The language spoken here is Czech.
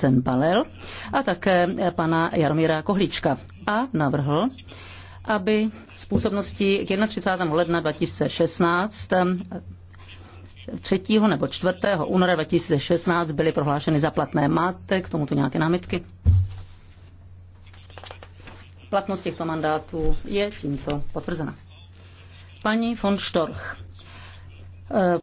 Zenpalel a také pana Jaromíra Kohlička a navrhl, aby z působnosti k 31. ledna 2016 3. nebo 4. února 2016 byly prohlášeny za platné. Máte k tomuto nějaké námitky? Platnost těchto mandátů je tímto potvrzena. Paní von Storch.